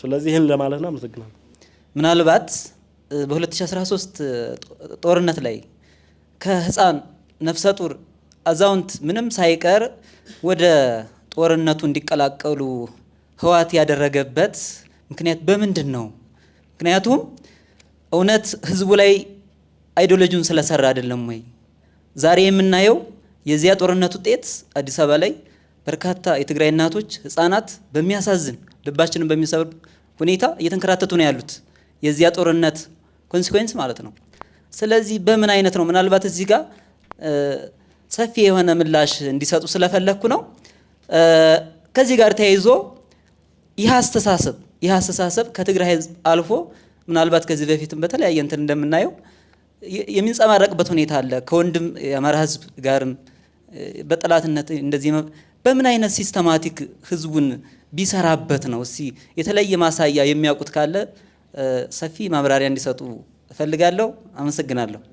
ስለዚህ ይህን ለማለት ነው። አመሰግናለሁ። ምናልባት በ2013 ጦርነት ላይ ከህፃን ነፍሰ ጡር አዛውንት ምንም ሳይቀር ወደ ጦርነቱ እንዲቀላቀሉ ህዋት ያደረገበት ምክንያት በምንድን ነው? ምክንያቱም እውነት ህዝቡ ላይ አይዲዮሎጂውን ስለሰራ አይደለም ወይ? ዛሬ የምናየው የዚያ ጦርነት ውጤት አዲስ አበባ ላይ በርካታ የትግራይ እናቶች፣ ህፃናት በሚያሳዝን ልባችንን በሚሰብር ሁኔታ እየተንከራተቱ ነው ያሉት የዚያ ጦርነት ኮንሲኩዌንስ ማለት ነው። ስለዚህ በምን አይነት ነው ምናልባት እዚህ ጋር ሰፊ የሆነ ምላሽ እንዲሰጡ ስለፈለግኩ ነው። ከዚህ ጋር ተያይዞ ይህ አስተሳሰብ ይህ አስተሳሰብ ከትግራይ ህዝብ አልፎ ምናልባት ከዚህ በፊትም በተለያየ እንትን እንደምናየው የሚንጸባረቅበት ሁኔታ አለ። ከወንድም የአማራ ህዝብ ጋርም በጠላትነት እንደዚህ በምን አይነት ሲስተማቲክ ህዝቡን ቢሰራበት ነው። እስቲ የተለየ ማሳያ የሚያውቁት ካለ ሰፊ ማብራሪያ እንዲሰጡ እፈልጋለሁ። አመሰግናለሁ።